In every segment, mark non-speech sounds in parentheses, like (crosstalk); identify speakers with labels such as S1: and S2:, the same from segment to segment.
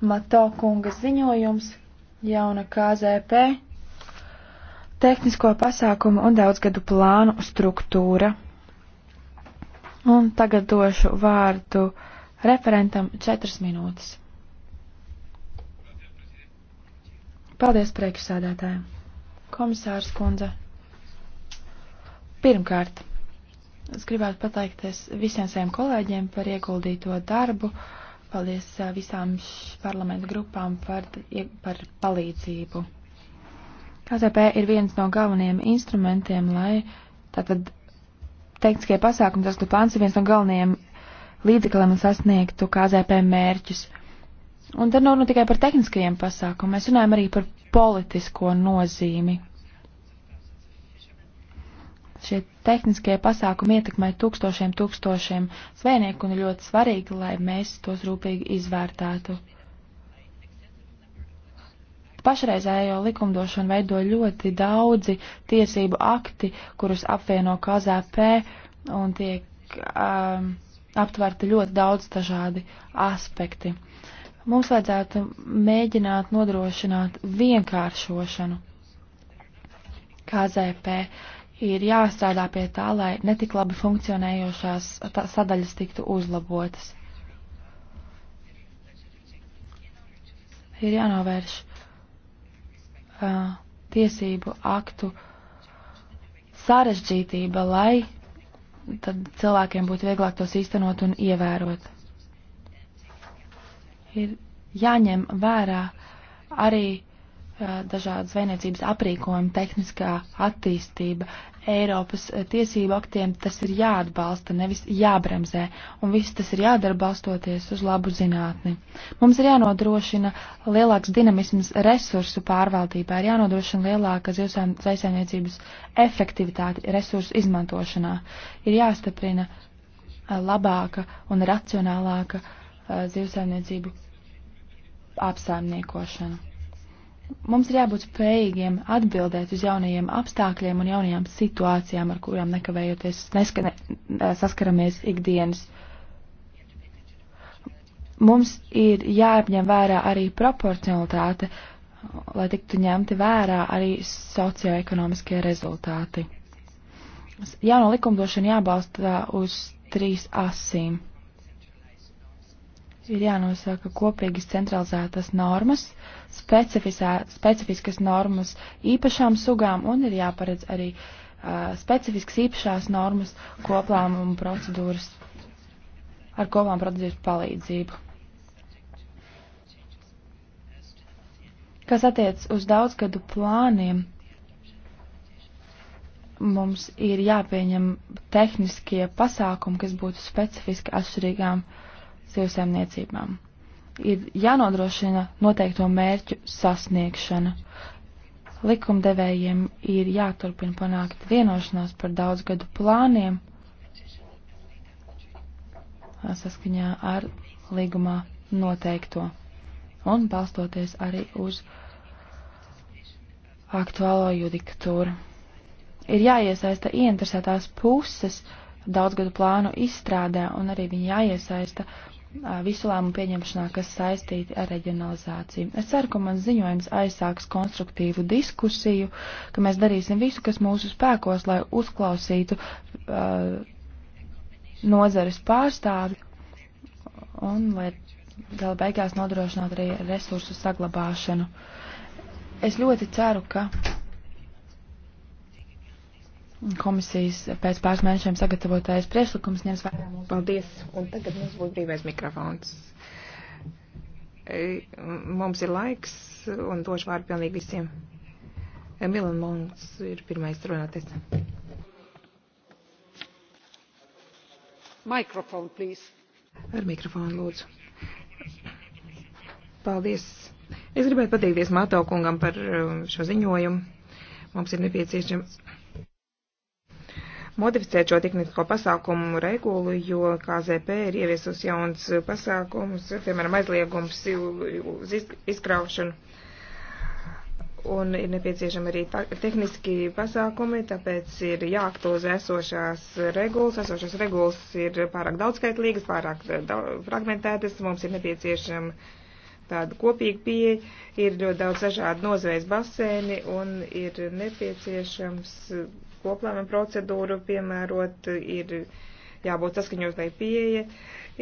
S1: Mato kunga ziņojums, jauna KZP, tehnisko pasākumu un daudzgadu plānu struktūra. Un tagad došu vārdu referentam četras minūtes. Paldies priekšsēdētājiem. Komisārs kundze. Pirmkārt, es gribētu pateikties visiem saviem kolēģiem par ieguldīto darbu. Uh, Paldies visām parlamentu grupām par, par palīdzību. KZP ir viens no galvenajiem instrumentiem, lai tātad tehniskie pasākumi, tas, ka pāns ir viens no galvenajiem līdzekļiem, lai sasniegtu KZP mērķus. Un tad nav nu tikai par tehniskajiem pasākumiem, mēs runājam arī par politisko nozīmi, šie tehniskie pasākumi ietekmē tūkstošiem tūkstošiem zvejnieku un ir ļoti svarīgi, lai mēs tos rūpīgi izvērtētu. Pašreizējo likumdošanu veido ļoti daudzi tiesību akti, kurus apvieno KZP un tiek um, aptverti ļoti daudz dažādi aspekti. Mums vajadzētu mēģināt nodrošināt vienkāršošanu KZP. Uh, ir jāstrādā pie tā, lai netik labi funkcionējošās sadaļas tiktu uzlabotas. Ir jānovērš uh, tiesību aktu sarežģītība, lai tad cilvēkiem būtu vieglāk tos īstenot un ievērot. Ir jāņem vērā arī dažādu zvejniecības aprīkojumu, tehniskā attīstība, Eiropas eh, tiesību aktiem tas ir jāatbalsta, nevis jābremzē, un viss tas ir jādara balstoties uz labu zinātni. Mums ir jānodrošina lielāks dinamisms resursu pārvaldībā, ir jānodrošina lielāka zvejsaimniecības efektivitāte resursu izmantošanā, ir jāstaprina eh, labāka un racionālāka eh, zivsaimniecību apsaimniekošana Mums ir jābūt spējīgiem atbildēt uz jaunajiem apstākļiem un jaunajām situācijām, ar kurām nekavējoties neskane, saskaramies ikdienas. Mums ir jāapņem vērā arī proporcionalitāte, lai tiktu ņemti vērā arī socioekonomiskie rezultāti. Jauno likumdošanu jābalsta uz trīs asīm ir jānosaka kopīgas centralizētas normas, specifiskas normas īpašām sugām un ir jāparedz arī uh, specifiskas īpašās normas koplām un procedūras ar kopām procedūras palīdzību. Kas attiec uz daudzgadu plāniem, mums ir jāpieņem tehniskie pasākumi, kas būtu specifiski atšķirīgām uh, sievsēmniecībām. Ir jānodrošina noteikto mērķu sasniegšana. Likumdevējiem ir jāturpina panākt vienošanās par daudzgadu plāniem saskaņā ar līgumā noteikto un balstoties arī uz aktuālo judikatūru. Ir jāiesaista ieinteresētās puses daudzgadu plānu izstrādē un arī viņi jāiesaista visu lēmumu pieņemšanā, kas saistīti ar reģionalizāciju. Es ceru, ka mans ziņojums aizsāks konstruktīvu diskusiju, ka mēs darīsim visu, kas mūsu spēkos, lai uzklausītu uh, nozares pārstāvi un lai gala beigās nodrošinātu arī resursu saglabāšanu. Es ļoti ceru, ka komisijas pēc pāris mēnešiem sagatavotais priekšlikums
S2: ņems vērā mūsu. Paldies! Un tagad mums būs brīvais mikrofons. E, mums ir laiks un došu vārdu pilnīgi visiem. E, Milan Mons ir pirmais runātais. Mikrofonu, please. Ar mikrofonu, lūdzu. Paldies! Es gribētu pateikties Mātaukungam par um, šo ziņojumu. Mums ir nepieciešams modificēt šo tehnisko pasākumu regulu, jo KZP ir ieviesus jauns pasākums, piemēram, aizliegums uz izkraušanu. Un ir nepieciešami arī tehniski pasākumi, tāpēc ir jāaktualizē esošās regulas. Esošās regulas ir pārāk daudzskaitlīgas, pārāk fragmentētas, mums ir nepieciešami tāda kopīga pieeja, ir ļoti daudz dažādu nozvejas basēni un ir nepieciešams koplēma procedūru piemērot, ir jābūt saskaņotai pieeja,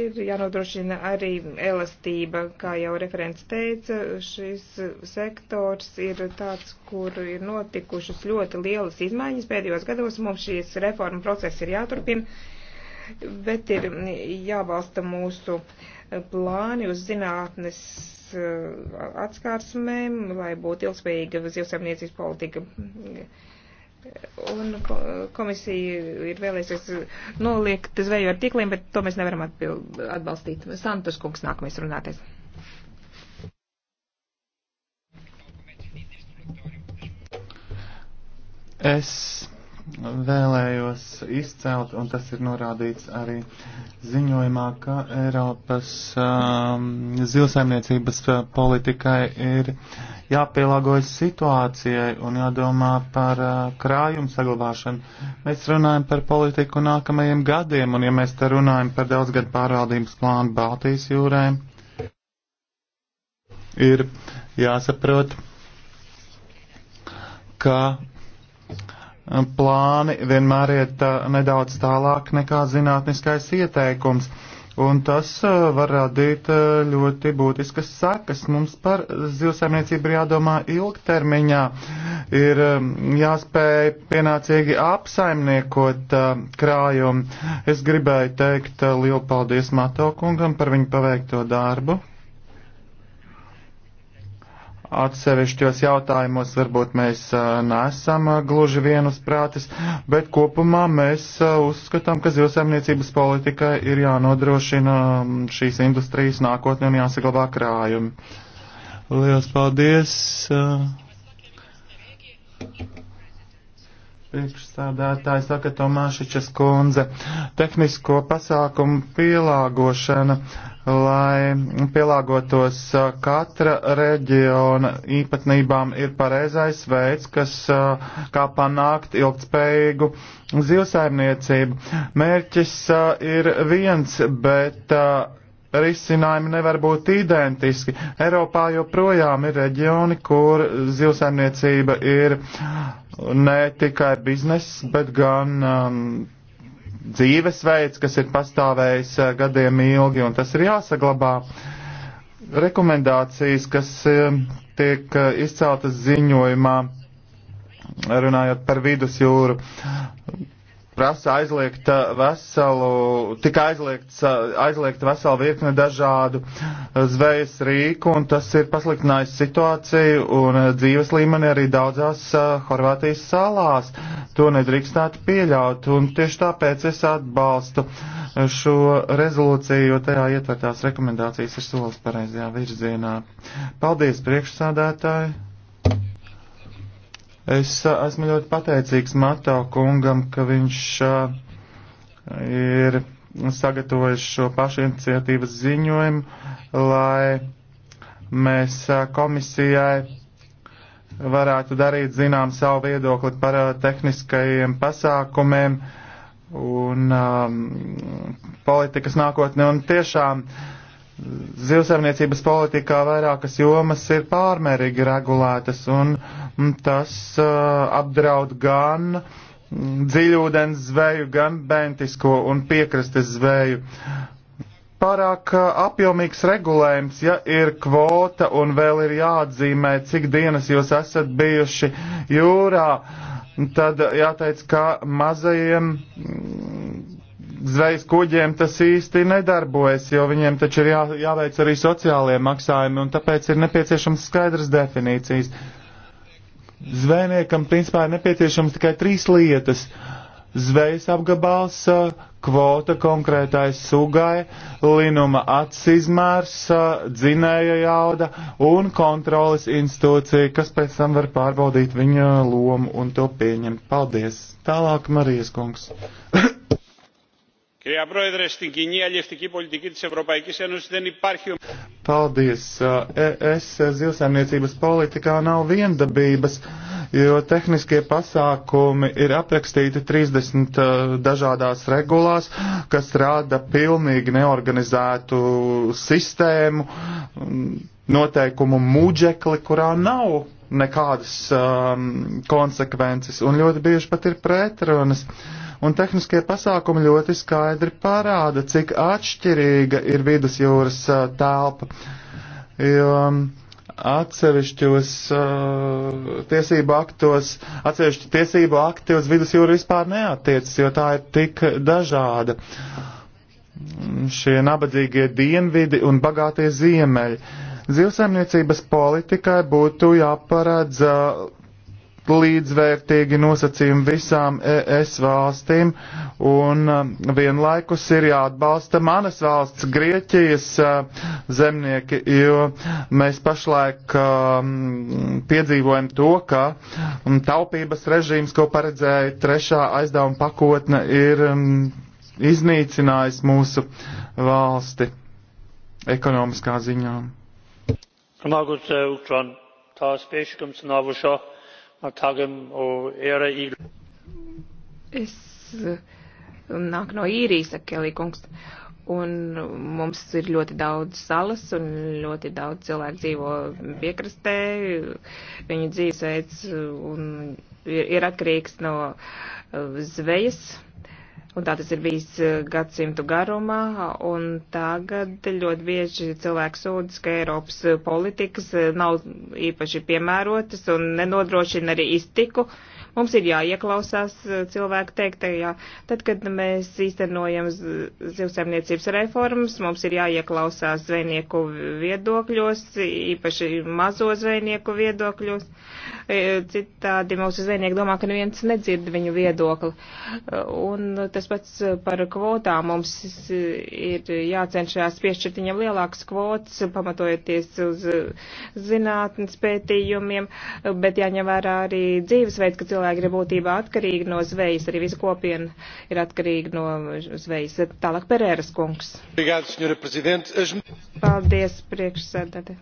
S2: ir jānodrošina arī elastība, kā jau referents teica, šis sektors ir tāds, kur ir notikušas ļoti lielas izmaiņas pēdējos gados, mums šīs reforma process ir jāturpina bet ir jābalsta mūsu plāni uz zinātnes eh, atskārsmēm, lai būtu ilgspējīga zivsaimniecības politika. Un komisija ir vēlēsies noliekt zveju ar tikliem, bet to mēs nevaram atbild, atbalstīt. Santos kungs nākamais runātais.
S3: Es vēlējos izcelt, un tas ir norādīts arī ziņojumā, ka Eiropas um, zilsaimniecības uh, politikai ir jāpielāgojas situācijai un jādomā par uh, krājumu saglabāšanu. Mēs runājam par politiku nākamajiem gadiem, un ja mēs te runājam par daudzgadu pārvaldības plānu Baltijas jūrē, ir jāsaprot, ka plāni vienmēr iet uh, nedaudz tālāk nekā zinātniskais ieteikums. Un tas uh, var radīt uh, ļoti būtiskas sekas. Mums par zivsaimniecību ir jādomā ilgtermiņā. Ir um, jāspēj pienācīgi apsaimniekot krājumu. Es gribēju teikt lielu paldies Mato kungam par viņu paveikto darbu. Atsevišķos jautājumos varbūt mēs nesam gluži vienus prātis, bet kopumā mēs uzskatām, ka zivsaimniecības politikai ir jānodrošina šīs industrijas nākotne un jāsaglabā krājumi. Lielas paldies! Priekšsādātāji saka Tomāšičas kundze, tehnisko pasākumu pielāgošana, lai pielāgotos katra reģiona īpatnībām ir pareizais veids, kas kā panākt ilgtspējīgu zivsaimniecību. Mērķis ir viens, bet risinājumi nevar būt identiski. Eiropā joprojām ir reģioni, kur zivsaimniecība ir ne tikai bizness, bet gan um, dzīvesveids, kas ir pastāvējis uh, gadiem ilgi, un tas ir jāsaglabā. Rekomendācijas, kas um, tiek uh, izceltas ziņojumā, runājot par vidusjūru, prasa aizliegt uh, veselu, tika aizliegts, uh, aizliegt veselu virkni dažādu uh, zvejas rīku, un tas ir pasliktinājis situāciju un dzīves līmeni arī daudzās Horvātijas salās. To nedrīkstētu pieļaut, un tieši tāpēc es atbalstu šo rezolūciju, jo tajā ietvertās rekomendācijas ir solis pareizajā virzienā. Paldies, priekšsādātāji! Es esmu ļoti pateicīgs Mato kungam, ka viņš ir sagatavojis šo pašiniciatīvas ziņojumu, lai mēs komisijai varētu darīt zinām savu viedokli par tehniskajiem pasākumiem un um, politikas nākotni. Un tiešām zivsaimniecības politikā vairākas jomas ir pārmērīgi regulētas un uh, Mm, tas uh, apdraud gan mm, dziļūdens zveju, gan bentisko un piekrastes zveju. Pārāk uh, apjomīgs regulējums, ja ir kvota un vēl ir jāatzīmē, cik dienas jūs esat bijuši jūrā, tad jāteic, ka mazajiem mm, zvejas kuģiem tas īsti nedarbojas, jo viņiem taču ir jā, jāveic arī sociālie maksājumi, un tāpēc ir nepieciešams skaidrs definīcijas. Uh, Zvejniekam principā ir nepieciešams tikai trīs lietas - zvejas apgabals, kvota konkrētai sugai, linuma acis izmērs, dzinēja jauda un kontrolas institūcija, kas pēc tam var pārbaudīt viņa lomu un to pieņemt. Paldies! Tālāk Marijas kungs. Κυρία Πρόεδρε, στην κοινή αλληλευτική πολιτική της Ευρωπαϊκής Ένωσης δεν υπάρχει... Paldies! Uh, es uh, zilsēmniecības politikā nav viendabības, jo tehniskie pasākumi ir aprakstīti 30 uh, dažādās regulās, kas rāda pilnīgi neorganizētu sistēmu, um, noteikumu mūģekli, kurā nav nekādas um, konsekvences, un ļoti bieži pat ir pretrunas. Uh, un tehniskie pasākumi ļoti skaidri parāda, cik atšķirīga ir vidus jūras uh, telpa. Jo atsevišķos uh, tiesību aktos, atsevišķi tiesību akti uz vidus jūru vispār neatiecas, jo tā ir tik dažāda. Šie nabadzīgie dienvidi un bagātie ziemeļi. Zivsaimniecības politikai būtu jāparedz uh, līdzvērtīgi nosacījumi visām ES valstīm, un um, vienlaikus ir jāatbalsta manas valsts Grieķijas uh, zemnieki, jo mēs pašlaik um, piedzīvojam to, ka um, taupības režīms, ko paredzēja trešā aizdevuma pakotne, ir iznīcinājis mūsu valsti ekonomiskā ziņā.
S2: Magus, uh, Tās piešķirums nav šo Es um, nāku no īrijas, saka Kelī kungs, un mums ir ļoti daudz salas un ļoti daudz cilvēku dzīvo piekrastē, viņu dzīvesveids un um, ir, ir atkarīgs no uh, zvejas. Uh, Un tā tas ir bijis eh, gadsimtu garumā, un tagad ļoti bieži cilvēks sūdzas, ka Eiropas eh, politikas eh, nav īpaši piemērotas un nenodrošina arī iztiku. Uh, Mums ir jāieklausās eh, cilvēku teiktajā. Tad, kad mēs īstenojam zivsaimniecības reformas, mums ir jāieklausās zvejnieku viedokļos, īpaši mazo zvejnieku viedokļos. E, citādi mūsu zvejnieki domā, ka neviens nedzird viņu viedokli. E, un tas pats par kvotām mums ir jācenšās piešķirt viņam lielākas kvotas, pamatojoties uz zinātnes pētījumiem, bet jāņem vērā arī dzīvesveids, ka cilvēki cilvēki ir būtībā atkarīgi no zvejas, arī visa kopiena ir atkarīga no zvejas. Tālāk Pereiras kungs. Paldies, priekšsēdētāji.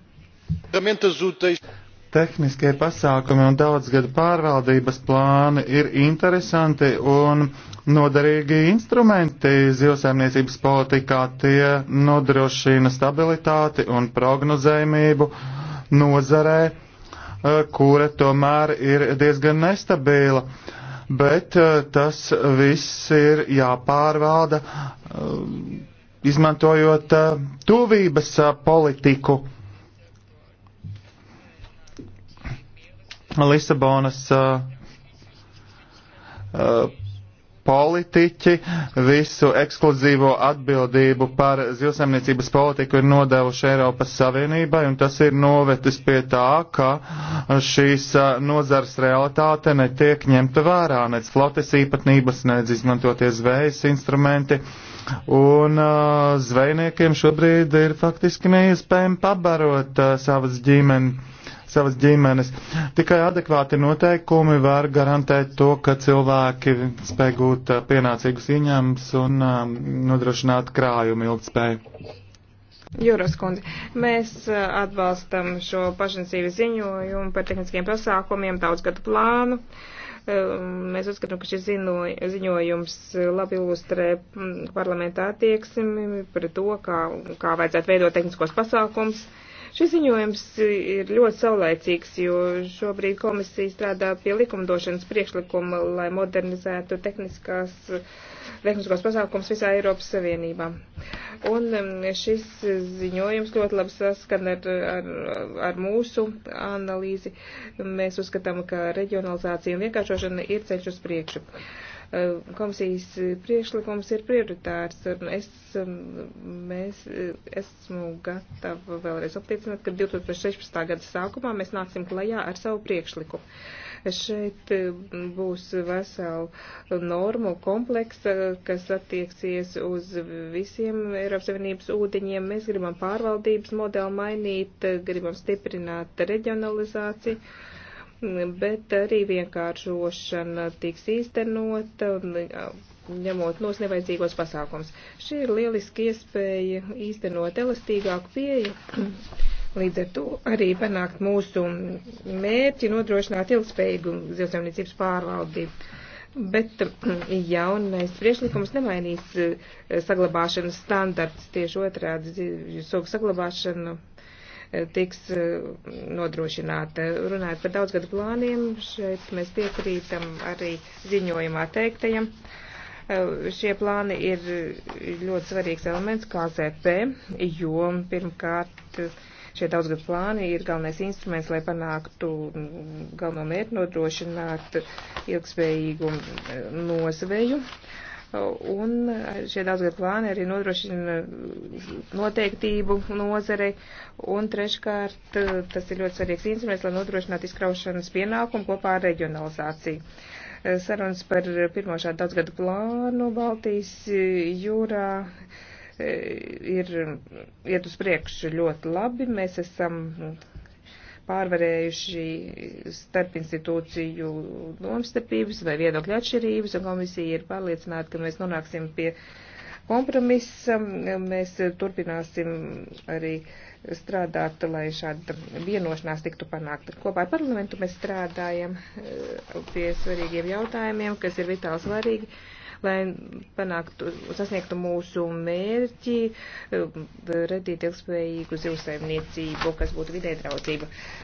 S3: Tehniskie pasākumi un daudzgada pārvaldības plāni ir interesanti un noderīgi instrumenti zivsaimniecības politikā. Tie nodrošina stabilitāti un prognozējumību nozarē Eh, kura tomēr ir diezgan nestabila. Bet eh, tas viss ir jāpārvalda, eh, izmantojot tuvības politiku. Lisabonas uh, uh, politiķi visu ekskluzīvo atbildību par zilsaimniecības politiku ir nodevuši Eiropas Savienībai, un tas ir novetis pie tā, ka šīs nozars realitāte netiek ņemta vērā, nec flotes īpatnības, nec izmantoties zvejas instrumenti, un uh, zvejniekiem šobrīd ir faktiski neiespējami pabarot uh, savas ģimenes savas ģimenes. Tikai adekvāti noteikumi var garantēt to, ka cilvēki spēj gūt uh, pienācīgus ieņēmumus un um, nodrošināt krājumu ilgspēju.
S2: Jūras kundze, mēs uh, atbalstam šo pašinsīvu ziņojumu par tehniskiem pasākumiem, daudzgadu plānu. Um, mēs uzskatām, ka šis ziņojums uh, labi ilustrē mm, parlamentā attieksmi par to, kā, kā vajadzētu veidot tehniskos pasākums. Uh, Šis ziņojums ir ļoti saulēcīgs, jo šobrīd komisija strādā pie likumdošanas priekšlikuma, lai modernizētu tehniskās, tehniskos pasākums visā Eiropas Savienībā. Un um, šis ziņojums ļoti labi saskan ar, ar, ar mūsu analīzi. Mēs uzskatām, ka reģionalizācija un vienkāršošana ir ceļš uz priekšu. Uh, Eh, komisijas eh, priešlikums ir prioritārs, un eh, es, mēs, esmu gatava vēlreiz apliecināt, ka 2016. gada sākumā mēs nāksim klajā ar savu priekšlikumu. Šeit būs vesela normu kompleksa, kas attieksies uz visiem Eiropas Savienības ūdeņiem. Mēs gribam pārvaldības modeli mainīt, gribam stiprināt reģionalizāciju bet arī vienkāršošana tiks īstenota, ņemot nos nevajadzīgos pasākums. Šī ir lieliski iespēja īstenot elastīgāku pieeju, (clears throat) līdz ar to arī panākt mūsu mērķi nodrošināt ilgspējīgu zilzemniecības pārvaldību. Bet (clears throat) jaunais priešlikums nemainīs e, saglabāšanas standarts, tieši otrādi, sogu saglabāšana tiks eh, nodrošināta. Runājot par daudzgadu plāniem, šeit mēs piekrītam arī ziņojumā teiktajam. Eh, šie plāni ir ļoti svarīgs elements KZP, jo pirmkārt šie daudzgadu plāni ir galvenais instruments, lai panāktu galveno mērķi nodrošināt ilgspējīgu eh, nosveju. Uh, un šie daudzgad plāni arī nodrošina noteiktību nozarei, un treškārt tas ir ļoti svarīgs instruments, lai nodrošinātu izkraušanas pienākumu kopā ar reģionalizāciju. Sarunas par pirmo šādu daudzgadu plānu Baltijas jūrā eh, ir iet uz priekšu ļoti labi. Mēs esam pārvarējuši starp institūciju domstarpības vai viedokļu atšķirības, un komisija ir pārliecināta, ka mēs nonāksim pie kompromisa. Mēs turpināsim arī strādāt, lai šāda vienošanās tiktu panākta. Kopā ar parlamentu mēs strādājam eh, pie svarīgiem jautājumiem, kas ir vitāli svarīgi lai panāktu, sasniegtu mūsu mērķi, eh, radīt ilgspējīgu zivsaimniecību, kas būtu vidē draudzība.